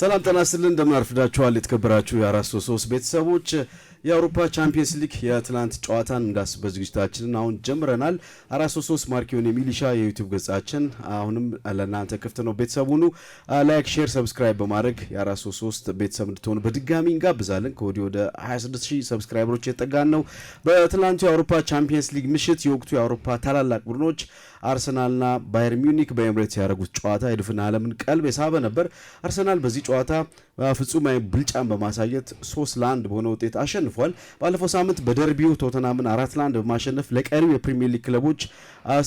ሰላም ጤና ይስጥልን እንደምን አርፍዳችኋል የተከበራችሁ የአራት ሶስት ቤተሰቦች የአውሮፓ ቻምፒየንስ ሊግ የትናንት ጨዋታን እንዳስበት ዝግጅታችንን አሁን ጀምረናል አራት ሶስት ሶስት ማርኪዮን የሚሊሻ የዩቲዩብ ገጻችን አሁንም ለእናንተ ክፍት ነው ቤተሰብ ሁኑ ላይክ ሼር ሰብስክራይብ በማድረግ የአራት ሶስት ሶስት ቤተሰብ እንድትሆኑ በድጋሚ እንጋብዛለን ከወዲህ ወደ 26 ሺህ ሰብስክራይበሮች የጠጋን ነው በትናንቱ የአውሮፓ ቻምፒየንስ ሊግ ምሽት የወቅቱ የአውሮፓ ታላላቅ ቡድኖች አርሰናልና ባየር ሚኒክ በኤምሬትስ ያደረጉት ጨዋታ የድፍን ዓለምን ቀልብ የሳበ ነበር። አርሰናል በዚህ ጨዋታ ፍጹም ብልጫን በማሳየት ሶስት ለአንድ በሆነ ውጤት አሸንፏል። ባለፈው ሳምንት በደርቢው ቶተናምን አራት ለአንድ በማሸነፍ ለቀሪው የፕሪሚየር ሊግ ክለቦች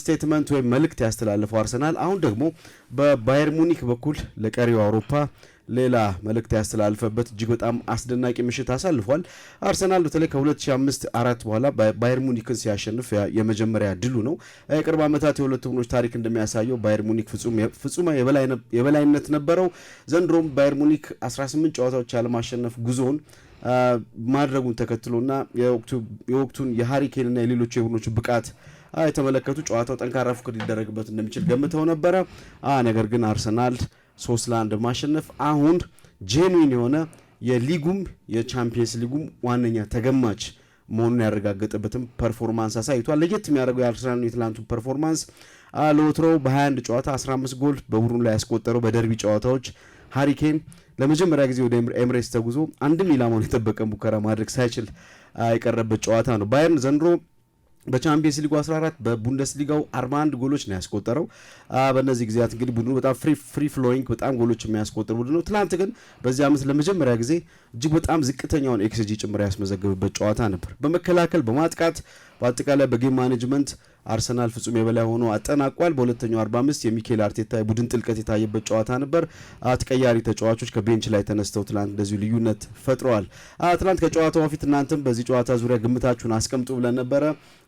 ስቴትመንት ወይም መልእክት ያስተላለፈው አርሰናል አሁን ደግሞ በባየር ሙኒክ በኩል ለቀሪው አውሮፓ ሌላ መልእክት ያስተላልፈበት እጅግ በጣም አስደናቂ ምሽት አሳልፏል። አርሰናል በተለይ ከ2005 አራት በኋላ ባየር ሙኒክን ሲያሸንፍ የመጀመሪያ ድሉ ነው። የቅርብ ዓመታት የሁለቱ ቡድኖች ታሪክ እንደሚያሳየው ባየር ሙኒክ ፍጹም የበላይነት ነበረው። ዘንድሮም ባየር ሙኒክ 18 ጨዋታዎች ያለማሸነፍ ጉዞውን ማድረጉን ተከትሎና የወቅቱን የሀሪኬንና የሌሎች የቡድኖች ብቃት የተመለከቱ ጨዋታው ጠንካራ ፉክክር ሊደረግበት እንደሚችል ገምተው ነበረ። ነገር ግን አርሰናል ሶስት ለአንድ ማሸነፍ አሁን ጄኑዊን የሆነ የሊጉም የቻምፒየንስ ሊጉም ዋነኛ ተገማች መሆኑን ያረጋገጠበትም ፐርፎርማንስ አሳይቷል። ለየት የሚያደርገው የአርሰናል የትላንቱ ፐርፎርማንስ ለወትሮው በ21 ጨዋታ 15 ጎል በቡድኑ ላይ ያስቆጠረው በደርቢ ጨዋታዎች ሀሪኬን ለመጀመሪያ ጊዜ ወደ ኤምሬትስ ተጉዞ አንድም ኢላማውን የጠበቀ ሙከራ ማድረግ ሳይችል የቀረበት ጨዋታ ነው። ባየርን ዘንድሮ በቻምፒየንስ ሊጉ 14 በቡንደስሊጋው 41 ጎሎች ነው ያስቆጠረው። በእነዚህ ጊዜያት እንግዲህ ቡድኑ በጣም ፍሪ ፍሎይንግ በጣም ጎሎች የሚያስቆጥር ቡድን ነው። ትናንት ግን በዚህ ዓመት ለመጀመሪያ ጊዜ እጅግ በጣም ዝቅተኛውን ኤክስጂ ጭምር ያስመዘገብበት ጨዋታ ነበር። በመከላከል በማጥቃት በአጠቃላይ በጌም ማኔጅመንት አርሰናል ፍጹም የበላይ ሆኖ አጠናቋል። በሁለተኛው 45 የሚካኤል አርቴታ የቡድን ጥልቀት የታየበት ጨዋታ ነበር። አትቀያሪ ተጫዋቾች ከቤንች ላይ ተነስተው ትላንት እንደዚሁ ልዩነት ፈጥረዋል። ትላንት ከጨዋታው በፊት እናንተም በዚህ ጨዋታ ዙሪያ ግምታችሁን አስቀምጡ ብለን ነበረ።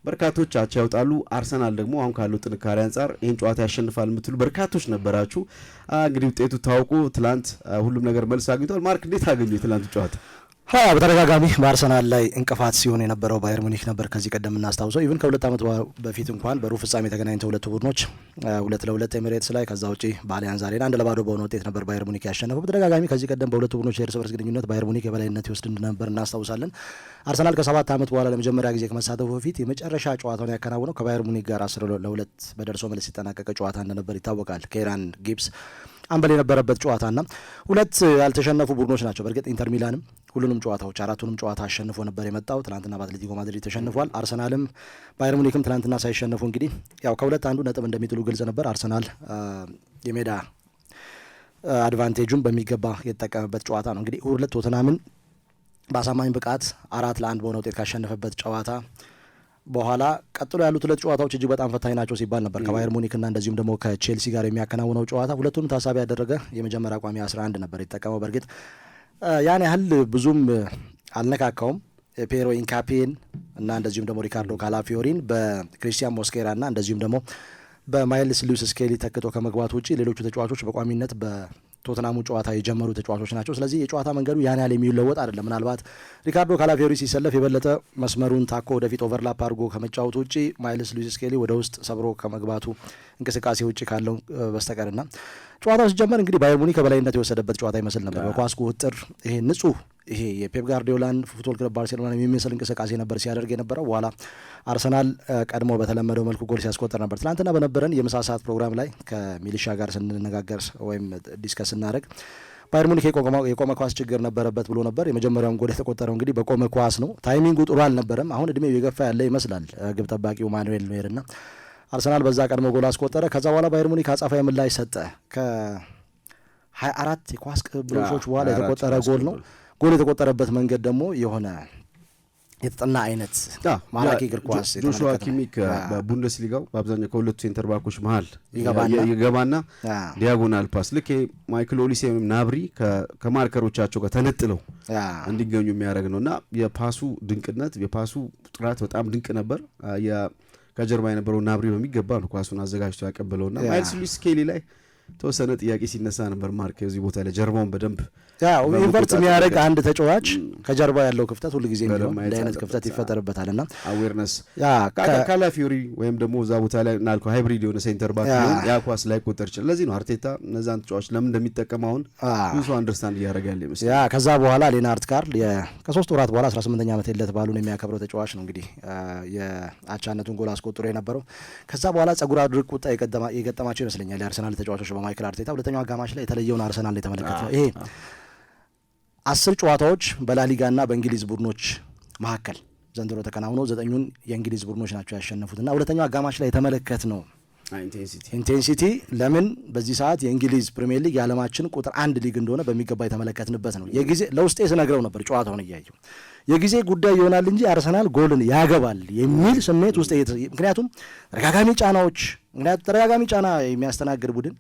በርካቶች አቻ ያወጣሉ፣ አርሰናል ደግሞ አሁን ካለው ጥንካሬ አንጻር ይህን ጨዋታ ያሸንፋል የምትሉ በርካቶች ነበራችሁ። እንግዲህ ውጤቱ ታውቁ ትላንት ሁሉም ነገር መልስ አግኝቷል። ማርክ እንዴት አገኙ የትላንቱ ጨዋታ? ሀያ በተደጋጋሚ በአርሰናል ላይ እንቅፋት ሲሆን የነበረው ባየር ሙኒክ ነበር። ከዚህ ቀደም እናስታውሰው ኢቭን ከሁለት ዓመት በፊት እንኳን በሩብ ፍጻሜ ተገናኝተው ሁለቱ ቡድኖች ሁለት ለሁለት ኤሚሬትስ ላይ ከዛ ውጪ በአሊያንዝ አሬና አንድ ለባዶ በሆነ ውጤት ነበር ባየር ሙኒክ ያሸነፈው። በተደጋጋሚ ከዚህ ቀደም በሁለቱ ቡድኖች የእርስ በርስ ግንኙነት ባየር ሙኒክ የበላይነት ይወስድ እንደነበር እናስታውሳለን። አርሰናል ከሰባት ዓመት በኋላ ለመጀመሪያ ጊዜ ከመሳተፉ በፊት የመጨረሻ ጨዋታውን ያከናውነው ከባየር ሙኒክ ጋር አስር ለሁለት በደርሶ መልስ ሲጠናቀቀ ጨዋታ እንደነበር ይታወቃል። ኬራን ጊብስ አንበል የነበረበት ጨዋታና ሁለት ያልተሸነፉ ቡድኖች ናቸው። በእርግጥ ኢንተር ሚላንም ሁሉንም ጨዋታዎች አራቱንም ጨዋታ አሸንፎ ነበር የመጣው። ትናንትና በአትሌቲኮ ማድሪድ ተሸንፏል። አርሰናልም ባየር ሙኒክም ትናንትና ሳይሸነፉ እንግዲህ ያው ከሁለት አንዱ ነጥብ እንደሚጥሉ ግልጽ ነበር። አርሰናል የሜዳ አድቫንቴጁን በሚገባ የተጠቀመበት ጨዋታ ነው። እንግዲህ ሁለት ቶተናምን በአሳማኝ ብቃት አራት ለአንድ በሆነ ውጤት ካሸነፈበት ጨዋታ በኋላ ቀጥሎ ያሉት ሁለት ጨዋታዎች እጅግ በጣም ፈታኝ ናቸው ሲባል ነበር። ከባየር ሙኒክና እንደዚሁም ደግሞ ከቼልሲ ጋር የሚያከናውነው ጨዋታ ሁለቱንም ታሳቢ ያደረገ የመጀመሪያ ቋሚ 11 ነበር የተጠቀመው። በእርግጥ ያን ያህል ብዙም አልነካካውም። ፔሮ ኢንካፔን እና እንደዚሁም ደግሞ ሪካርዶ ካላፊዮሪን በክሪስቲያን ሞስኬራ እና እንደዚሁም ደግሞ በማይልስ ሉዊስ ስኬሊ ተክቶ ከመግባት ውጭ ሌሎቹ ተጫዋቾች በቋሚነት ቶትናሙ ጨዋታ የጀመሩ ተጫዋቾች ናቸው። ስለዚህ የጨዋታ መንገዱ ያን ያህል የሚለወጥ አይደለም። ምናልባት ሪካርዶ ካላፊዮሪ ሲሰለፍ የበለጠ መስመሩን ታኮ ወደፊት ኦቨርላፕ አድርጎ ከመጫወቱ ውጭ ማይልስ ሉዊስ ስኬሊ ወደ ውስጥ ሰብሮ ከመግባቱ እንቅስቃሴ ውጭ ካለው በስተቀርና ጨዋታው ሲጀመር እንግዲህ ባየር ሙኒክ ከበላይነት የወሰደበት ጨዋታ ይመስል ነበር። በኳስ ቁጥጥር ይሄ ንጹህ ይሄ የፔፕ ጋርዲዮላን ፉትቦል ክለብ ባርሴሎና የሚመስል እንቅስቃሴ ነበር ሲያደርግ የነበረው። በኋላ አርሰናል ቀድሞ በተለመደው መልኩ ጎል ሲያስቆጠር ነበር። ትናንትና በነበረን የምሳ ሰዓት ፕሮግራም ላይ ከሚሊሻ ጋር ስንነጋገር ወይም ዲስከስ ስናደርግ ባየር ሙኒክ የቆመ ኳስ ችግር ነበረበት ብሎ ነበር። የመጀመሪያውን ጎል የተቆጠረው እንግዲህ በቆመ ኳስ ነው። ታይሚንጉ ጥሩ አልነበረም። አሁን እድሜው የገፋ ያለ ይመስላል ግብ ጠባቂው ማኑኤል ኖየር ና አርሰናል በዛ ቀድሞ ጎል አስቆጠረ። ከዛ በኋላ ባየር ሙኒክ አጻፋዊ ምላሽ ሰጠ። ከ24 የኳስ ቅብብሎሾች በኋላ የተቆጠረ ጎል ነው። ጎል የተቆጠረበት መንገድ ደግሞ የሆነ የተጠና አይነት ማራኪ እግር ኳስ ጆሹዋ ኪሚክ በቡንደስሊጋው በአብዛኛው ከሁለቱ ሴንተር ባኮች መሀል ይገባና ዲያጎናል ፓስ ልክ ማይክል ኦሊሴ ወይም ናብሪ ከማርከሮቻቸው ጋር ተነጥለው እንዲገኙ የሚያደርግ ነው እና የፓሱ ድንቅነት የፓሱ ጥራት በጣም ድንቅ ነበር። ከጀርባ የነበረው ናብሪ በሚገባ ነው ኳሱን አዘጋጅቶ ያቀበለውና ማይልስ ሉዊስ ስኬሊ ላይ ተወሰነ ጥያቄ ሲነሳ ነበር። ማርክ እዚህ ቦታ ላይ ጀርባውን በደንብ ኢንቨርት የሚያደርግ አንድ ተጫዋች ከጀርባ ያለው ክፍተት ሁልጊዜ አይነት ክፍተት ይፈጠርበታል እና አዌርነስ ካላፊዮሪ ወይም ደግሞ እዛ ቦታ ላይ ናልኮ ሃይብሪድ የሆነ ሴንተር ባክ ያ ኳስ ላይ ቆጠር ይችላል። ለዚህ ነው አርቴታ እነዛን ተጫዋች ለምን እንደሚጠቀም አሁን ብዙ አንደርስታንድ እያደረገ ያለ ይመስል ያ ከዛ በኋላ ሌናርት ካርል ከሶስት ወራት በኋላ አስራ ስምንተኛ ዓመት የለት ባሉን የሚያከብረው ተጫዋች ነው እንግዲህ የአቻነቱን ጎል አስቆጥሮ የነበረው ከዛ በኋላ ጸጉር አድርቅ ቁጣ የገጠማቸው ይመስለኛል የአርሰናል ተጫዋቾች በማይክል አርቴታ ሁለተኛው አጋማሽ ላይ የተለየውን አርሰናል የተመለከት ነው። ይሄ አስር ጨዋታዎች በላሊጋና በእንግሊዝ ቡድኖች መካከል ዘንድሮ ተከናውነው ዘጠኙን የእንግሊዝ ቡድኖች ናቸው ያሸነፉት እና ሁለተኛው አጋማሽ ላይ የተመለከት ነው ኢንቴንሲቲ ለምን በዚህ ሰዓት የእንግሊዝ ፕሪሚየር ሊግ የዓለማችን ቁጥር አንድ ሊግ እንደሆነ በሚገባ የተመለከትንበት ነው። የጊዜ ለውስጤ ስነግረው ነበር ጨዋታውን እያየው የጊዜ ጉዳይ ይሆናል እንጂ አርሰናል ጎልን ያገባል የሚል ስሜት ውስጥ ምክንያቱም ተደጋጋሚ ጫናዎች ምክንያቱም ተደጋጋሚ ጫና የሚያስተናግድ ቡድን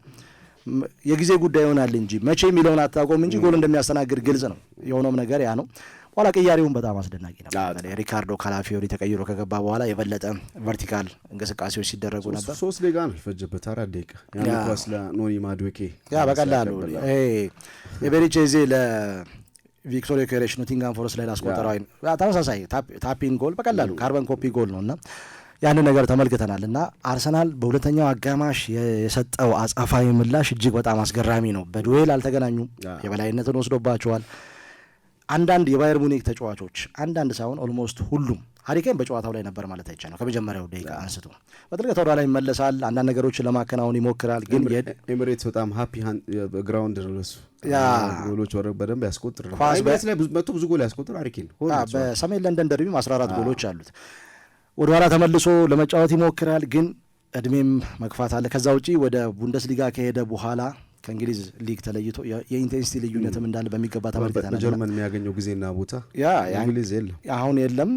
የጊዜ ጉዳይ ይሆናል እንጂ መቼ የሚለውን አታውቀውም እንጂ ጎል እንደሚያስተናግድ ግልጽ ነው። የሆነውም ነገር ያ ነው። በኋላ ቅያሬውን በጣም አስደናቂ ነበር። ሪካርዶ ካላፊዮሪ ተቀይሮ ከገባ በኋላ የበለጠ ቨርቲካል እንቅስቃሴዎች ሲደረጉ ነበር። ሶስት ደቂቃ ነው የፈጀበት፣ አራት ደቂቃ ኳስ ለኖኒ ማድዌኬ ያ በቀላሉ የቤሪቼዜ ለቪክቶሪ ኬሬሽ ኖቲንጋም ፎረስት ላይ ላስቆጠረው ተመሳሳይ ታፒንግ ጎል በቀላሉ ካርበን ኮፒ ጎል ነው እና ያንን ነገር ተመልክተናል እና አርሰናል በሁለተኛው አጋማሽ የሰጠው አጻፋዊ ምላሽ እጅግ በጣም አስገራሚ ነው። በዱዌል አልተገናኙም። የበላይነትን ወስዶባቸዋል። አንዳንድ የባየር ሙኒክ ተጫዋቾች አንዳንድ ሳይሆን ኦልሞስት ሁሉም ሀሪኬን በጨዋታው ላይ ነበር ማለት አይቻ ነው። ከመጀመሪያው ደቂቃ አንስቶ በጥልቀት ወደ ላይ ይመለሳል። አንዳንድ ነገሮችን ለማከናወን ይሞክራል። ግን ኤሚሬትስ በጣም ሀፒ ግራውንድ ረሱ ጎሎች ወረ በደንብ ያስቆጥር ነው። ኤሚሬትስ ላይ መቶ ብዙ ጎል ያስቆጥር ሀሪኬን በሰሜን ለንደን ደርቢም አስራ አራት ጎሎች አሉት። ወደኋላ ተመልሶ ለመጫወት ይሞክራል፣ ግን እድሜም መግፋት አለ። ከዛ ውጪ ወደ ቡንደስሊጋ ከሄደ በኋላ ከእንግሊዝ ሊግ ተለይቶ የኢንቴንሲቲ ልዩነትም እንዳለ በሚገባ ተመልክተናል። በጀርመን የሚያገኘው ጊዜና ቦታ እንግሊዝ የለም፣ አሁን የለም።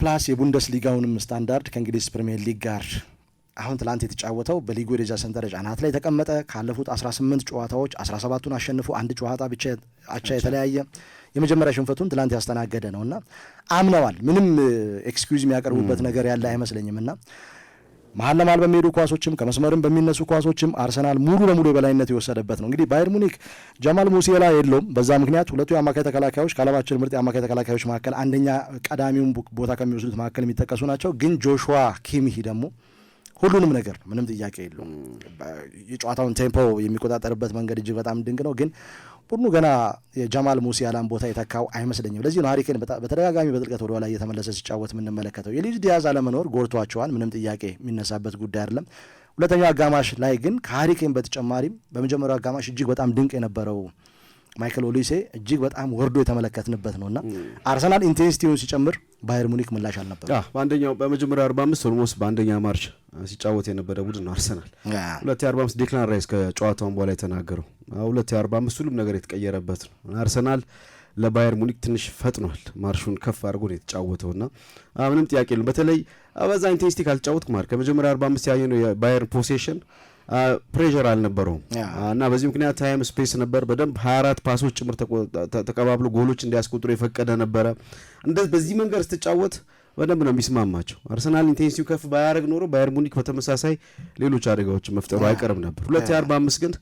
ፕላስ የቡንደስሊጋውንም ስታንዳርድ ከእንግሊዝ ፕሪሚየር ሊግ ጋር አሁን ትላንት የተጫወተው በሊጉ የደረጃ ሰንጠረዥ አናት ላይ ተቀመጠ። ካለፉት 18 ጨዋታዎች 17ቱን አሸንፎ አንድ ጨዋታ ብቻ አቻ የተለያየ የመጀመሪያ ሽንፈቱን ትላንት ያስተናገደ ነው እና አምነዋል። ምንም ኤክስኪዝ የሚያቀርቡበት ነገር ያለ አይመስለኝም እና መሀል ለመሀል በሚሄዱ ኳሶችም ከመስመርም በሚነሱ ኳሶችም አርሰናል ሙሉ ለሙሉ የበላይነት የወሰደበት ነው። እንግዲህ ባየር ሙኒክ ጀማል ሙሴላ የለውም። በዛ ምክንያት ሁለቱ የአማካይ ተከላካዮች ከዓለማችን ምርጥ የአማካይ ተከላካዮች መካከል አንደኛ ቀዳሚውን ቦታ ከሚወስዱት መካከል የሚጠቀሱ ናቸው። ግን ጆሹዋ ኪሚሂ ደግሞ ሁሉንም ነገር ምንም ጥያቄ የለው የጨዋታውን ቴምፖ የሚቆጣጠርበት መንገድ እጅግ በጣም ድንቅ ነው። ግን ቡድኑ ገና ሙሲ ሙሲያላን ቦታ የተካው አይመስለኝም። ለዚህ ነው ሀሪኬን በተደጋጋሚ በጥልቀት ወደኋላ እየተመለሰ ሲጫወት የምንመለከተው። የሉዊስ ዲያዝ አለመኖር ጎድቷቸዋል። ምንም ጥያቄ የሚነሳበት ጉዳይ አይደለም። ሁለተኛው አጋማሽ ላይ ግን ከሀሪኬን በተጨማሪም በመጀመሪያው አጋማሽ እጅግ በጣም ድንቅ የነበረው ማይክል ኦሊሴ እጅግ በጣም ወርዶ የተመለከትንበት ነው እና አርሰናል ኢንቴንሲቲውን ሲጨምር ባየር ሙኒክ ምላሽ አልነበር። በአንደኛው በመጀመሪያ 45 ኦልሞስት በአንደኛ ማርች ሲጫወት የነበረ ቡድን ነው አርሰናል። ሁለት የ45 ዴክላን ራይስ ከጨዋታውን በኋላ የተናገረው ሁለት የ45 ሁሉም ነገር የተቀየረበት ነው። አርሰናል ለባየር ሙኒክ ትንሽ ፈጥኗል። ማርሹን ከፍ አድርጎ ነው የተጫወተው እና ምንም ጥያቄ የለም። በተለይ በዛ ኢንቴንሲቲ ካልተጫወትክ ማር ከመጀመሪያ 45 ያየ ነው የባየር ፖሴሽን ፕሬር አልነበረውም እና በዚህ ምክንያት ታይም ስፔስ ነበር። በደንብ 24 ፓሶች ጭምር ተቀባብሎ ጎሎች እንዲያስቆጥሩ የፈቀደ ነበረ። በዚህ መንገድ ስትጫወት በደንብ ነው የሚስማማቸው። አርሰናል ኢንቴንሲው ከፍ ባያደርግ ኖሮ ባየር ሙኒክ በተመሳሳይ ሌሎች አደጋዎች መፍጠሩ አይቀርም ነበር። ሁለት የ45 ግን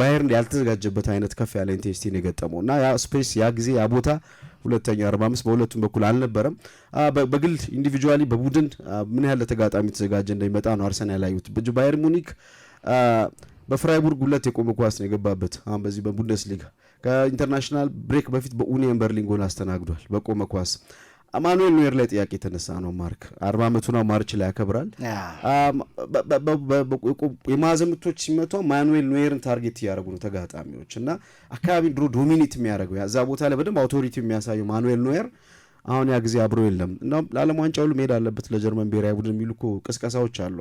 ባየርን ያልተዘጋጀበት አይነት ከፍ ያለ ኢንቴንሲቲ ነው የገጠመው እና ያ ስፔስ ያ ጊዜ ያ ቦታ ሁለተኛው 45 በሁለቱም በኩል አልነበረም። በግል ኢንዲቪጁዋሊ በቡድን ምን ያህል ለተጋጣሚ የተዘጋጀ እንደሚመጣ ነው አርሰናል ያዩት። ባየር ሙኒክ በፍራይቡርግ ሁለት የቆመ ኳስ ነው የገባበት። አሁን በዚህ በቡንደስሊጋ ከኢንተርናሽናል ብሬክ በፊት በኡኒየን በርሊን ጎል አስተናግዷል በቆመ ኳስ አማኑኤል ኖየር ላይ ጥያቄ የተነሳ ነው። ማርክ አርባ ዓመቱ ነው፣ ማርች ላይ ያከብራል። የማዘምቶች ምቶች ሲመቱ ማኑኤል ኑዌርን ታርጌት እያደረጉ ነው ተጋጣሚዎች እና አካባቢ ድሮ ዶሚኒት የሚያደርገው እዛ ቦታ ላይ በደንብ አውቶሪቲ የሚያሳየው ማኑኤል ኑዌር አሁን ያ ጊዜ አብሮ የለም እና ለዓለም ዋንጫ ሁሉ መሄድ አለበት ለጀርመን ብሔራዊ ቡድን የሚሉ እኮ ቅስቀሳዎች አሉ።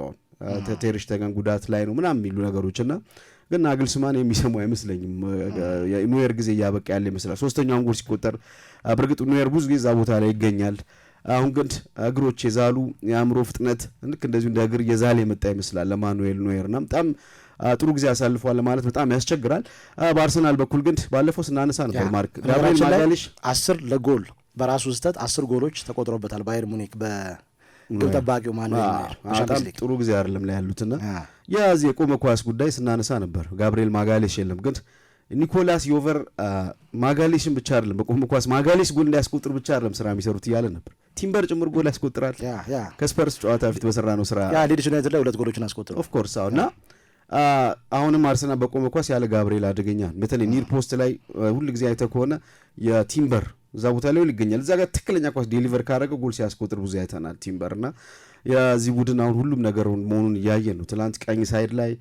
አሁን ቴር ሽቴገን ጉዳት ላይ ነው ምናምን የሚሉ ነገሮች እና ግን ናግልስማን የሚሰሙ አይመስለኝም። ኑዌር ጊዜ እያበቃ ያለ ይመስላል። ሶስተኛውን ጎል ሲቆጠር በእርግጥ ኑዌር ብዙ ጊዜ እዛ ቦታ ላይ ይገኛል። አሁን ግን እግሮች የዛሉ የአእምሮ ፍጥነት ልክ እንደዚሁ እንደ እግር የዛለ የመጣ ይመስላል ለማኑኤል ኑዌርና በጣም ጥሩ ጊዜ አሳልፏል ማለት በጣም ያስቸግራል። በአርሰናል በኩል ግን ባለፈው ስናነሳ ነበር ማርክ ጋብሪኤል ማጋሊሽ አስር ለጎል በራሱ ስህተት አስር ጎሎች ተቆጥሮበታል ባየር ሙኒክ ግብ ጠባቂው ማነው? በጣም ጥሩ ጊዜ አይደለም ላይ ያሉትና የዚህ የቆመ ኳስ ጉዳይ ስናነሳ ነበር። ጋብሪኤል ማጋሌሽ የለም ግን ኒኮላስ ዮቨር ማጋሌሽን ብቻ አይደለም በቆመ ኳስ ማጋሌሽ ጎል እንዳያስቆጥር ብቻ አይደለም ስራ የሚሰሩት እያለ ነበር። ቲምበር ጭምር ጎል ያስቆጥራል። ከስፐርስ ጨዋታ በፊት በሰራ ነው ስራ ሌዲሽ ዩናይትድ ላይ ሁለት ጎሎችን አስቆጥሯል። ኦፍኮርስ እና አሁንም አርሰናል በቆመ ኳስ ያለ ጋብሪኤል አደገኛ፣ በተለይ ኒር ፖስት ላይ ጊዜ አይተህ ከሆነ የቲምበር እዛ ቦታ ላይ ይገኛል። እዛ ጋር ትክክለኛ ኳስ ዴሊቨር ካደረገ ጎል ሲያስቆጥር ብዙ አይተናል። ቲምበር እና የዚህ ቡድን አሁን ሁሉም ነገር መሆኑን እያየ ነው። ትናንት ቀኝ ሳይድ ላይ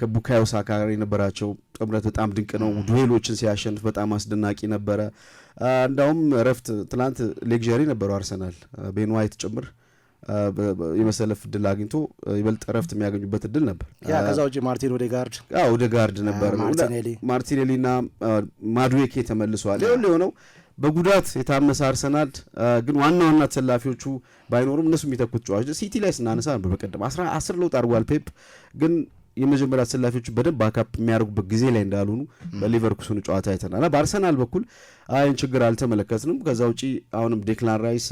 ከቡካዮ ሳካ ጋር የነበራቸው ጥምረት በጣም ድንቅ ነው። ዱዌሎችን ሲያሸንፍ በጣም አስደናቂ ነበረ። እንዳውም እረፍት ትናንት ሌግዣሪ ነበረው አርሰናል ቤን ዋይት ጭምር የመሰለፍ እድል አግኝቶ ይበልጥ እረፍት የሚያገኙበት እድል ነበር። ከዛ ውጭ ማርቲን ኦዴጋርድ ኦዴጋርድ ነበር ማርቲኔሊ እና ማድዌኬ ተመልሰዋል። ይኸውልህ የሆነው በጉዳት የታመሰ አርሰናል ግን ዋና ዋና ተሰላፊዎቹ ባይኖሩም እነሱ የሚተኩት ጨዋች ሲቲ ላይ ስናነሳ ነበር። በቀደም አስር ለውጥ አድርጓል ፔፕ ግን የመጀመሪያ ተሰላፊዎቹ በደንብ ባካፕ የሚያደርጉበት ጊዜ ላይ እንዳልሆኑ በሊቨርኩስን ጨዋታ አይተናል በአርሰናል በኩል አይን ችግር አልተመለከትንም። ከዛ ውጪ አሁንም ዴክላን ራይስ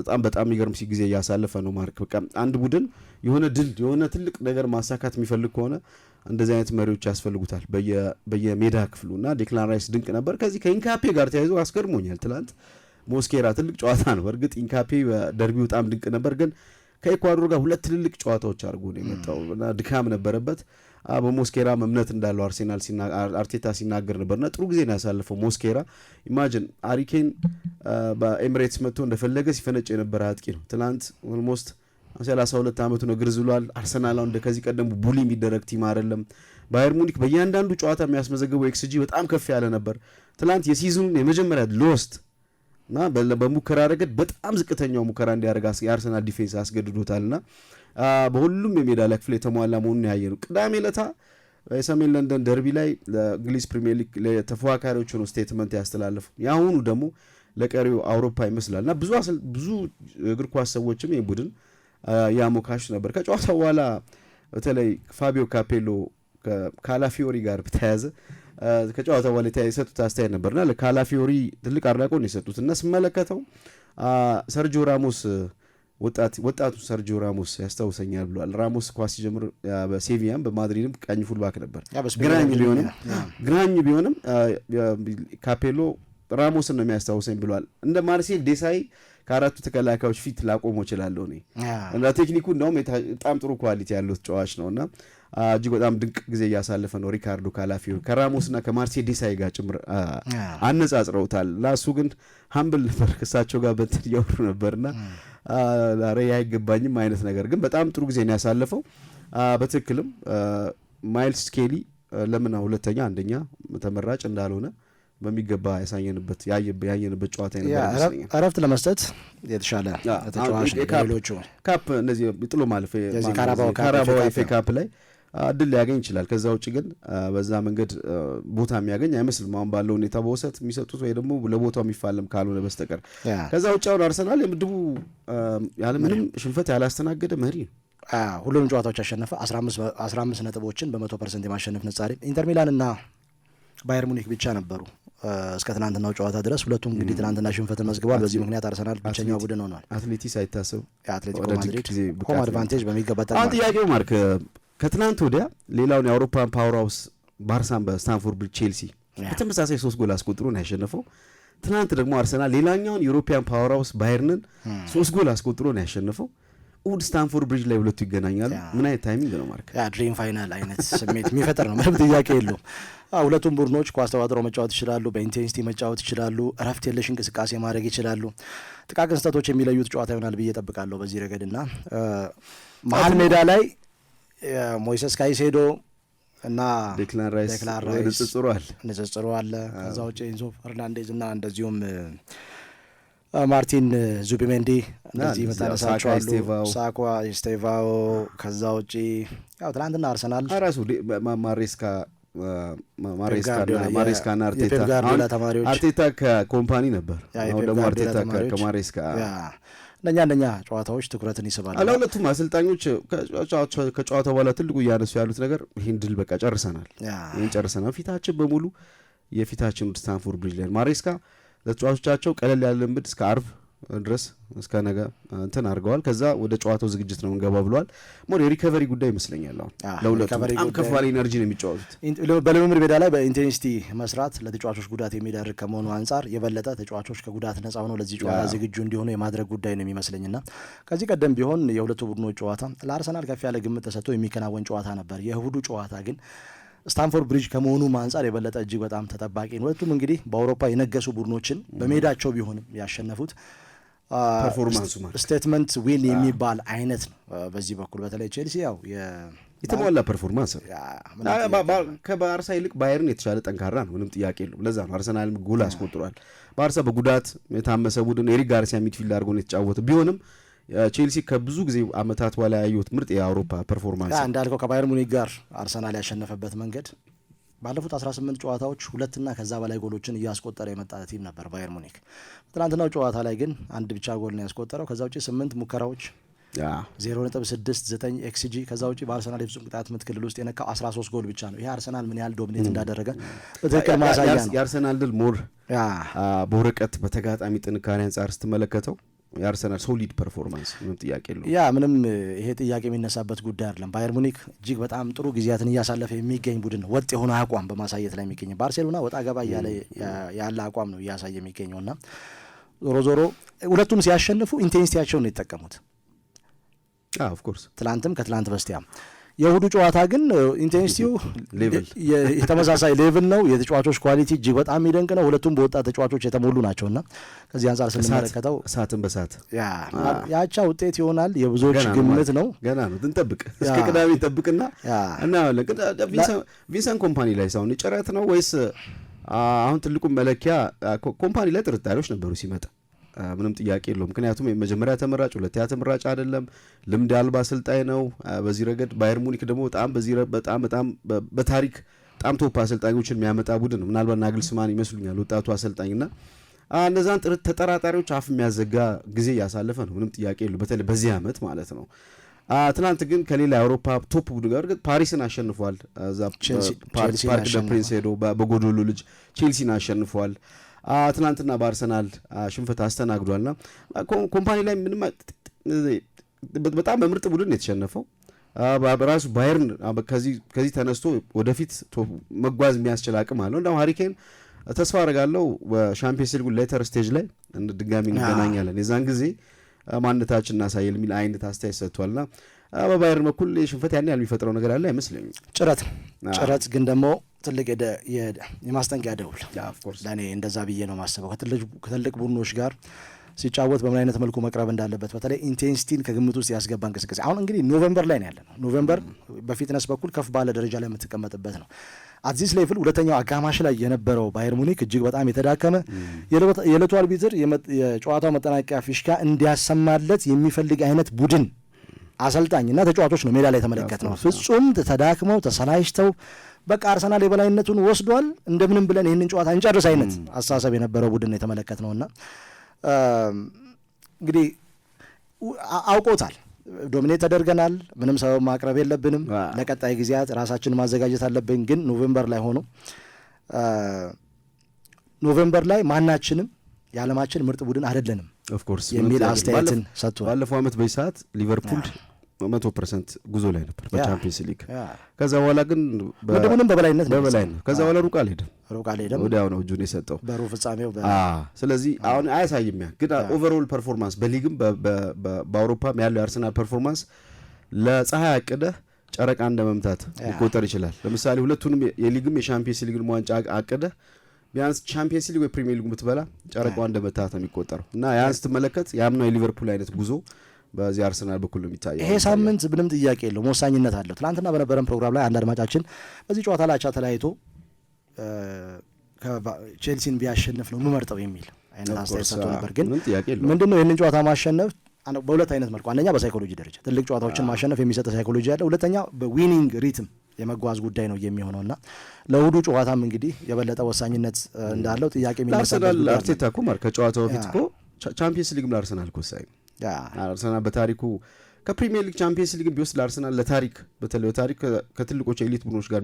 በጣም በጣም የሚገርም ጊዜ እያሳለፈ ነው። ማርክ በቃ አንድ ቡድን የሆነ ድል የሆነ ትልቅ ነገር ማሳካት የሚፈልግ ከሆነ እንደዚህ አይነት መሪዎች ያስፈልጉታል በየሜዳ ክፍሉ እና ዴክላን ራይስ ድንቅ ነበር። ከዚህ ከኢንካፔ ጋር ተያይዞ አስገድሞኛል ትላንት ሞስኬራ ትልቅ ጨዋታ ነው። እርግጥ ኢንካፔ በደርቢው በጣም ድንቅ ነበር፣ ግን ከኤኳዶር ጋር ሁለት ትልልቅ ጨዋታዎች አድርጎ ነው የመጣው እና ድካም ነበረበት። በሞስኬራ እምነት እንዳለው አርሴናል አርቴታ ሲናገር ነበርና ጥሩ ጊዜ ነው ያሳለፈው ሞስኬራ። ኢማጅን አሪኬን በኤምሬትስ መጥቶ እንደፈለገ ሲፈነጭ የነበረ አጥቂ ነው። ትላንት ኦልሞስት ሰላሳ ሁለት ዓመቱ ነው ብሏል። አርሰናል አሁን ከዚህ ቀደም ቡሊ የሚደረግ ቲም አይደለም። ባየር ሙኒክ በእያንዳንዱ ጨዋታ የሚያስመዘግበው ኤክስጂ በጣም ከፍ ያለ ነበር። ትናንት የሲዝኑን የመጀመሪያ ሎስት እና በሙከራ ረገድ በጣም ዝቅተኛው ሙከራ እንዲያደርግ የአርሰናል ዲፌንስ አስገድዶታል። ና በሁሉም የሜዳ ላይ ክፍል የተሟላ መሆኑን ያየ ነው። ቅዳሜ ለታ የሰሜን ለንደን ደርቢ ላይ ለእንግሊዝ ፕሪሚየር ሊግ ለተፎካካሪዎች ነው ስቴትመንት ያስተላለፉ የአሁኑ ደግሞ ለቀሪው አውሮፓ ይመስላል እና ብዙ እግር ኳስ ሰዎችም ይህ ቡድን ያሞካሽ ነበር። ከጨዋታ በኋላ በተለይ ፋቢዮ ካፔሎ ከካላፊዮሪ ጋር በተያያዘ ከጨዋታ በኋላ የሰጡት አስተያየት ነበርና ለካላፊዮሪ ትልቅ አድናቆት የሰጡት እና ስመለከተው ሰርጂዮ ራሞስ ወጣቱ ሰርጂዮ ራሞስ ያስታውሰኛል ብሏል። ራሞስ ኳስ ሲጀምር በሴቪያም በማድሪድም ቀኝ ፉልባክ ነበር። ግራኝ ቢሆንም ግራኝ ቢሆንም ካፔሎ ራሞስን ነው የሚያስታውሰኝ ብሏል። እንደ ማርሴል ዴሳይ ከአራቱ ተከላካዮች ፊት ላቆመው እችላለሁ እኔ እና ቴክኒኩ እንደውም በጣም ጥሩ ኳሊቲ ያለው ተጫዋች ነው እና እጅግ በጣም ድንቅ ጊዜ እያሳለፈ ነው። ሪካርዶ ካላፊዮሪ ከራሞስ እና ከማርሴ ዴሳይ ጋር ጭምር አነጻጽረውታል። ላሱ ግን ሀምብል ነበር። ክሳቸው ጋር በንትን እያወሩ ነበርና ኧረ አይገባኝም አይነት ነገር ግን በጣም ጥሩ ጊዜ ነው ያሳለፈው። በትክክልም ማይልስ ስኬሊ ለምን ሁለተኛ አንደኛ ተመራጭ እንዳልሆነ በሚገባ ያሳየንበት ያየንበት ጨዋታ እረፍት ለመስጠት የተሻለ ተጫዋች ሌሎቹ ካፕ እነዚህ ጥሎ ማለፍ ካራባው ኤፍ ኤ ካፕ ላይ እድል ሊያገኝ ይችላል። ከዛ ውጭ ግን በዛ መንገድ ቦታ የሚያገኝ አይመስልም። አሁን ባለው ሁኔታ በውሰት የሚሰጡት ወይ ደግሞ ለቦታው የሚፋለም ካልሆነ በስተቀር ከዛ ውጭ አሁን አርሰናል የምድቡ ያለምንም ሽንፈት ያላስተናገደ መሪ ሁሉንም ጨዋታዎች ያሸነፈ 15 ነጥቦችን በመቶ ፐርሰንት የማሸነፍ ነጻሪ ኢንተር ሚላን እና ባየር ሙኒክ ብቻ ነበሩ እስከ ትናንትናው ጨዋታ ድረስ ሁለቱም እንግዲህ ትናንትና ሽንፈትን መዝግቧል። በዚህ ምክንያት አርሰናል ብቸኛው ቡድን ሆኗል። አትሌቲክስ አይታሰብ የአትሌቲኮ ማድሪድ ሆም አድቫንቴጅ በሚገባ አሁን ጥያቄው ማርክ ከትናንት ወዲያ ሌላውን የአውሮፓን ፓወር ሃውስ ባርሳን በስታንፎርድ ቼልሲ በተመሳሳይ ሶስት ጎል አስቆጥሮን ያሸነፈው ትናንት ደግሞ አርሰናል ሌላኛውን ዩሮፒያን ፓወር ሃውስ ባየርንን ሶስት ጎል አስቆጥሮን ያሸነፈው። እሑድ ስታንፎርድ ብሪጅ ላይ ሁለቱ ይገናኛሉ። ምን አይነት ታይሚንግ ነው ማርክ? ድሪም ፋይናል አይነት ስሜት የሚፈጠር ነው። ምንም ጥያቄ የለውም። ሁለቱም ቡድኖች ኳስ ተዋጥረው መጫወት ይችላሉ፣ በኢንቴንሲቲ መጫወት ይችላሉ፣ እረፍት የለሽ እንቅስቃሴ ማድረግ ይችላሉ። ጥቃቅን ስህተቶች የሚለዩት ጨዋታ ይሆናል ብዬ ጠብቃለሁ በዚህ ረገድ እና መሀል ሜዳ ላይ ሞይሰስ ካይሴዶ እና ዴክላን ራይስ ንጽጽሩ አለ። ከዛ ውጭ ኢንዞ ፈርናንዴዝ እና እንደዚሁም ማርቲን ዙቢሜንዲ እንደዚህ መታነሳቸዋሉ ሳኳ ስቴቫኦ። ከዛ ውጭ ያው ትናንትና አርሰናል ራሱ ማሬስካ ማሬስካና አርቴታ አርቴታ ከኮምፓኒ ነበር። አሁን ደግሞ አርቴታ ከማሬስካ እነኛ እነኛ ጨዋታዎች ትኩረትን ይስባል። ለሁለቱም አሰልጣኞች ከጨዋታ በኋላ ትልቁ እያነሱ ያሉት ነገር ይህን ድል በቃ ጨርሰናል፣ ይህን ጨርሰናል፣ ፊታችን በሙሉ የፊታችን ስታንፎርድ ብሪጅ ላይ ማሬስካ ለተጫዋቾቻቸው ቀለል ያለ ልምምድ እስከ አርብ ድረስ እስከ ነገ እንትን አድርገዋል። ከዛ ወደ ጨዋታው ዝግጅት ነው እንገባ ብለዋል። ሞር የሪከቨሪ ጉዳይ ይመስለኛል። አሁን ለሁለቱ በጣም ከፍ ባለ ነው የሚጫወቱት። በልምምድ ሜዳ ላይ በኢንቴንሲቲ መስራት ለተጫዋቾች ጉዳት የሚደርግ ከመሆኑ አንጻር የበለጠ ተጫዋቾች ከጉዳት ነጻ ሆነው ለዚህ ጨዋታ ዝግጁ እንዲሆኑ የማድረግ ጉዳይ ነው የሚመስለኝና ከዚህ ቀደም ቢሆን የሁለቱ ቡድኖች ጨዋታ ለአርሰናል ከፍ ያለ ግምት ተሰጥቶ የሚከናወን ጨዋታ ነበር። የእሁዱ ጨዋታ ግን ስታንፎርድ ብሪጅ ከመሆኑ አንጻር የበለጠ እጅግ በጣም ተጠባቂ ነው። ሁለቱም እንግዲህ በአውሮፓ የነገሱ ቡድኖችን በሜዳቸው ቢሆንም ያሸነፉት ስቴትመንት ዊል የሚባል አይነት ነው። በዚህ በኩል በተለይ ቼልሲ ያው የተሟላ ፐርፎርማንስ ከባርሳ ይልቅ ባየርን የተሻለ ጠንካራ ነው፣ ምንም ጥያቄ የለውም። ለዛ ነው አርሰናልም ጎል አስቆጥሯል። ባርሳ በጉዳት የታመሰ ቡድን ኤሪክ ጋርሲያ ሚድፊልድ አድርጎ ነው የተጫወተ ቢሆንም ቼልሲ ከብዙ ጊዜ አመታት በኋላ ያየሁት ምርጥ የአውሮፓ ፐርፎርማንስ እንዳልከው ከባየር ሙኒክ ጋር አርሰናል ያሸነፈበት መንገድ ባለፉት 18 ጨዋታዎች ሁለትና ከዛ በላይ ጎሎችን እያስቆጠረ የመጣ ቲም ነበር ባየር ሙኒክ። ትናንትናው ጨዋታ ላይ ግን አንድ ብቻ ጎል ነው ያስቆጠረው። ከዛ ውጭ ስምንት ሙከራዎች 0.69 ኤክስጂ። ከዛ ውጭ በአርሰናል የፍጹም ቅጣት ምት ክልል ውስጥ የነካው 13 ጎል ብቻ ነው። ይሄ አርሰናል ምን ያህል ዶሚኔት እንዳደረገ በትክክል ማሳያ ነው። የአርሰናል ድል ሞር በወረቀት በተጋጣሚ ጥንካሬ አንጻር ስትመለከተው የአርሰናል ሶሊድ ፐርፎርማንስ ምንም ጥያቄ የለውም። ያ ምንም ይሄ ጥያቄ የሚነሳበት ጉዳይ አይደለም። ባየር ሙኒክ እጅግ በጣም ጥሩ ጊዜያትን እያሳለፈ የሚገኝ ቡድን ነው። ወጥ የሆነ አቋም በማሳየት ላይ የሚገኝ ባርሴሎና ወጣ ገባ እያለ ያለ አቋም ነው እያሳየ የሚገኘው እና ዞሮ ዞሮ ሁለቱም ሲያሸንፉ ኢንቴንሲቲያቸውን ነው የተጠቀሙት። ኦፍኮርስ ትላንትም ከትላንት በስቲያም የእሁዱ ጨዋታ ግን ኢንቴንሲቲው የተመሳሳይ ሌቭል ነው። የተጫዋቾች ኳሊቲ እጅግ በጣም የሚደንቅ ነው። ሁለቱም በወጣት ተጫዋቾች የተሞሉ ናቸው እና ከዚህ አንጻር ስንመለከተው ሰዓትን በሳት ያቻ ውጤት ይሆናል የብዙዎች ግምት ነው። ገና ነው እንጠብቅ፣ እስከ ቅዳሜ እንጠብቅና እናያለን። ቪንሰንት ኮምፓኒ ላይ ሳሁን ጭረት ነው ወይስ አሁን ትልቁ መለኪያ ኮምፓኒ ላይ ጥርጣሬዎች ነበሩ ሲመጣ ምንም ጥያቄ የለው። ምክንያቱም የመጀመሪያ ተመራጭ ሁለተኛ ተመራጭ አይደለም፣ ልምድ አልባ አሰልጣኝ ነው። በዚህ ረገድ ባየር ሙኒክ ደግሞ በጣም በዚህ በጣም በጣም በታሪክ በጣም ቶፕ አሰልጣኞችን የሚያመጣ ቡድን ነው። ምናልባት ናግልስማን ይመስሉኛል ወጣቱ አሰልጣኝና እነዛን ተጠራጣሪዎች አፍ የሚያዘጋ ጊዜ እያሳለፈ ነው። ምንም ጥያቄ የለው፣ በተለይ በዚህ ዓመት ማለት ነው። ትናንት ግን ከሌላ የአውሮፓ ቶፕ ቡድን ጋር ፓሪስን አሸንፏል። ፓርክ ደ ፕሪንስ ሄዶ በጎዶሎ ልጅ ቼልሲን አሸንፏል። ትናንትና በአርሰናል ሽንፈት አስተናግዷልና ኮምፓኒ ላይ ምንም በጣም በምርጥ ቡድን የተሸነፈው በራሱ ባየርን ከዚህ ተነስቶ ወደፊት መጓዝ የሚያስችል አቅም አለው። እንደውም ሀሪኬን ተስፋ አደርጋለሁ በሻምፒየንስ ሊጉ ሌተር ስቴጅ ላይ ድጋሚ እንገናኛለን፣ የዛን ጊዜ ማንነታችን እናሳየል የሚል አይነት አስተያየት ሰጥቷልና በባየር በኩል የሽንፈት ያን ያህል የሚፈጥረው ነገር አለ አይመስለኝ። ጭረት ነው ጭረት ግን ደግሞ ትልቅ የማስጠንቀቂያ ደውል ለእኔ እንደዛ ብዬ ነው ማስበው። ከትልቅ ቡድኖች ጋር ሲጫወት በምን አይነት መልኩ መቅረብ እንዳለበት በተለይ ኢንቴንሲቲን ከግምት ውስጥ ያስገባ እንቅስቃሴ። አሁን እንግዲህ ኖቨምበር ላይ ነው ያለ ነው። ኖቨምበር በፊትነስ በኩል ከፍ ባለ ደረጃ ላይ የምትቀመጥበት ነው። አዚስ ሌቭል ሁለተኛው አጋማሽ ላይ የነበረው ባየር ሙኒክ እጅግ በጣም የተዳከመ የዕለቱ አርቢትር የጨዋታው መጠናቂያ ፊሽካ እንዲያሰማለት የሚፈልግ አይነት ቡድን አሰልጣኝና ተጫዋቾች ነው ሜዳ ላይ የተመለከት ነው። ፍጹም ተዳክመው ተሰላጅተው በቃ አርሰናል የበላይነቱን ወስዷል፣ እንደምንም ብለን ይህንን ጨዋታ እንጨርስ አይነት አስተሳሰብ የነበረው ቡድን የተመለከት እና እንግዲህ አውቆታል። ዶሚኔት ተደርገናል። ምንም ሰበብ ማቅረብ የለብንም። ለቀጣይ ጊዜያት ራሳችን ማዘጋጀት አለብን። ግን ኖቬምበር ላይ ሆኖ ኖቬምበር ላይ ማናችንም የዓለማችን ምርጥ ቡድን አይደለንም የሚል አስተያየትን ሰጥቷል። ባለፈው ዓመት በዚህ ሰዓት ሊቨርፑል መቶ ፐርሰንት ጉዞ ላይ ነበር በቻምፒየንስ ሊግ። ከዛ በኋላ ግን ወደሁንም በበላይነት በበላይነት ከዛ በኋላ ሩቅ አልሄድም ሩቅ አልሄድም ወዲያው ነው እጁን የሰጠው በሩብ ፍጻሜው። ስለዚህ አሁን አያሳይም ያ ግን ኦቨርኦል ፐርፎርማንስ በሊግም በአውሮፓም ያለው የአርሰናል ፐርፎርማንስ ለፀሐይ አቅደ ጨረቃ እንደ መምታት ሊቆጠር ይችላል። ለምሳሌ ሁለቱንም የሊግም የሻምፒየንስ ሊግን ዋንጫ አቅደ ቢያንስ ቻምፒየንስ ሊግ ወይ ፕሪሚየር ሊግ ምትበላ ጨረቃዋ እንደ መታት ነው የሚቆጠረው እና ያን ስትመለከት የአምናው የሊቨርፑል አይነት ጉዞ በዚህ አርሰናል በኩል ነው የሚታየው ይሄ ሳምንት ምንም ጥያቄ የለውም፣ ወሳኝነት አለው። ትናንትና በነበረን ፕሮግራም ላይ አንድ አድማጫችን በዚህ ጨዋታ ላቻ ተለያይቶ ቼልሲን ቢያሸንፍ ነው የምመርጠው የሚል አይነት አስተያየት ሰጥቶ ነበር። ግን ምንድን ነው ይህንን ጨዋታ ማሸነፍ በሁለት አይነት መልኩ፣ አንደኛ በሳይኮሎጂ ደረጃ ትልቅ ጨዋታዎችን ማሸነፍ የሚሰጥ ሳይኮሎጂ ያለ፣ ሁለተኛ በዊኒንግ ሪትም የመጓዝ ጉዳይ ነው የሚሆነው እና ለውዱ ጨዋታም እንግዲህ የበለጠ ወሳኝነት እንዳለው ጥያቄ የሚነሳ አርቴታ እኮ ከጨዋታው በፊት እኮ ቻምፒየንስ ሊግም ለአርሰናል ኮሳይ አርሰናል በታሪኩ ከፕሪሚየር ሊግ ቻምፒየንስ ሊግ ቢወስድ ለአርሰናል ለታሪክ በተለይ ታሪክ ከትልቆች ኤሊት ቡድኖች ጋር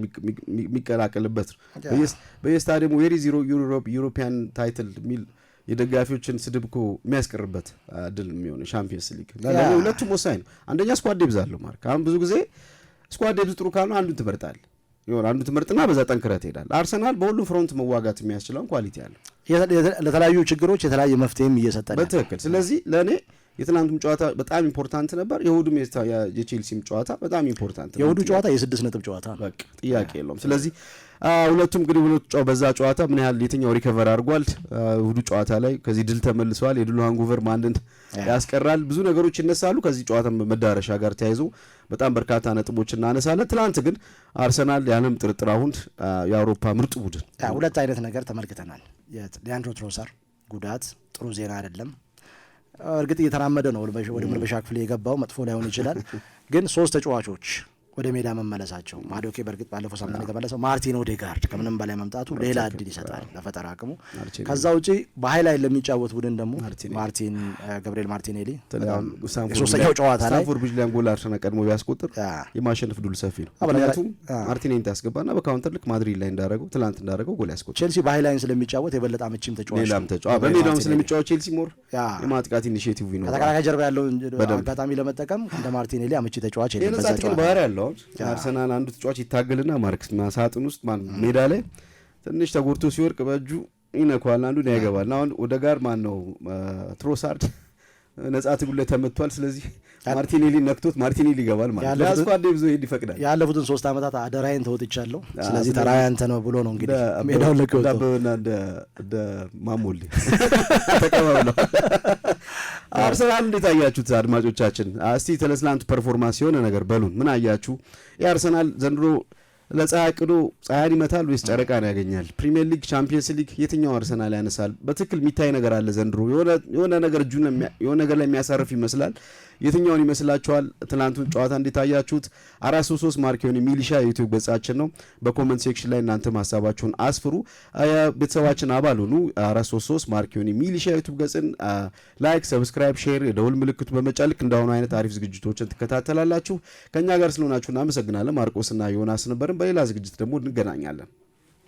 የሚቀላቀልበት በየስታዲየሙ ዌሪ ዚሮ ዩሮፒያን ታይትል የሚል የደጋፊዎችን ስድብ እኮ የሚያስቀርበት ድል የሚሆነ ቻምፒየንስ ሊግ ሁለቱም ወሳኝ ነው። አንደኛ ስኳድ ዴብዝ አለው አሁን ብዙ ጊዜ ስኳድ ዴብዝ ጥሩ ካልሆነ አንዱን ትመርጣል ይሆን አንዱ ትምህርትና በዛ ጠንክረህ ትሄዳለህ። አርሰናል በሁሉም ፍሮንት መዋጋት የሚያስችለውን ኳሊቲ አለ። ለተለያዩ ችግሮች የተለያየ መፍትሄም እየሰጠ በትክክል ስለዚህ ለእኔ የትናንቱም ጨዋታ በጣም ኢምፖርታንት ነበር። የእሁዱም የቼልሲም ጨዋታ በጣም ኢምፖርታንት ነው። የእሁዱ ጨዋታ የስድስት ነጥብ ጨዋታ ነው፣ በቃ ጥያቄ የለውም። ስለዚህ ሁለቱም እንግዲህ ሁለቱ በዛ ጨዋታ ምን ያህል የትኛው ሪከቨር አድርጓል። እሁዱ ጨዋታ ላይ ከዚህ ድል ተመልሰዋል። የድሉ ሃንጎቨር ማንን ያስቀራል? ብዙ ነገሮች ይነሳሉ። ከዚህ ጨዋታ መዳረሻ ጋር ተያይዞ በጣም በርካታ ነጥቦች እናነሳለን። ትናንት ግን አርሰናል ያለም ጥርጥር አሁን የአውሮፓ ምርጥ ቡድን ሁለት አይነት ነገር ተመልክተናል። ሊያንድሮ ትሮሳር ጉዳት ጥሩ ዜና አይደለም። እርግጥ እየተራመደ ነው ወደ መልበሻ ክፍል የገባው መጥፎ ላይሆን ይችላል። ግን ሶስት ተጫዋቾች ወደ ሜዳ መመለሳቸው ማዶኬ በእርግጥ ባለፈው ሳምንት የተመለሰው ማርቲን ኦዴጋርድ ከምንም በላይ መምጣቱ ሌላ እድል ይሰጣል ለፈጠራ አቅሙ። ከዛ ውጪ በሀይላይት ለሚጫወት ቡድን ደግሞ ማርቲን ገብርኤል ማርቲኔሊ ሶስተኛው ጨዋታ ላይ ስታንፎርድ ብሪጅ ጎል አርሰናል ቀድሞ ቢያስቆጥር የማሸነፍ ዱል ሰፊ ነው። ምክንያቱም ማርቲኔሊ ና በካውንተር ልክ ማድሪድ ላይ እንዳደረገው ትላንት እንዳደረገው ጎል ያስቆጥር ቼልሲ በሀይላይን ስለሚጫወት የበለጠ አመቺም ተጫዋች ሌላም ተጫዋች በሜዳውም ስለሚጫወት ቼልሲ ሞር የማጥቃት ኢኒሽቲቭ ይኖ ከተከላካይ ጀርባ ያለውን አጋጣሚ ለመጠቀም እንደ ማርቲኔሊ አመቺ ተጫዋች የለም። ባህር ያለው አሁን አርሰናል አንዱ ተጫዋች ይታገልና ማርክስ ሳጥን ውስጥ ማን ሜዳ ላይ ትንሽ ተጎድቶ ሲወርቅ በእጁ ይነኳል፣ አንዱ ና ያገባል። አሁን ወደ ጋር ማን ነው ትሮሳርድ ነጻ ትጉል ላይ ተመቷል። ስለዚህ ማርቲኔሊ ነክቶት ማርቲኔሊ ይገባል ማለት ለአስኳዴ ብዙ ሄድ ይፈቅዳል። ያለፉትን ሶስት ዓመታት አደራዬን ተወጥቻለሁ፣ ስለዚህ ተራዬ አንተ ነው ብሎ ነው እንግዲህ ሜዳውን ለቀ አበበና እንደ ማሞሌ ተቀባብለው አርሰናል እንዴት አያችሁት አድማጮቻችን? እስቲ ትላንት ፐርፎርማንስ የሆነ ነገር በሉን። ምን አያችሁ? የአርሰናል ዘንድሮ ለፀሐይ ቅዶ ፀሐይን ይመታል ወይስ ጨረቃን ያገኛል? ፕሪሚየር ሊግ፣ ቻምፒየንስ ሊግ የትኛው አርሰናል ያነሳል? በትክክል የሚታይ ነገር አለ ዘንድሮ። የሆነ ነገር እጁን የሆነ ነገር ላይ የሚያሳርፍ ይመስላል። የትኛውን ይመስላችኋል? ትናንቱን ጨዋታ እንዲታያችሁት አራት ሶስት ሶስት ማርክ የሆነ ሚሊሻ የዩቲዩብ ገጻችን ነው። በኮመንት ሴክሽን ላይ እናንተም ሀሳባችሁን አስፍሩ። ቤተሰባችን አባል ሁኑ። አራት ሶስት ሶስት ማርክ የሆነ ሚሊሻ ዩቲዩብ ገጽን ላይክ፣ ሰብስክራይብ፣ ሼር የደውል ምልክቱ በመጫልክ እንዳሁኑ አይነት አሪፍ ዝግጅቶችን ትከታተላላችሁ። ከእኛ ጋር ስለሆናችሁ እናመሰግናለን። ማርቆስና ዮናስ ነበርን። በሌላ ዝግጅት ደግሞ እንገናኛለን።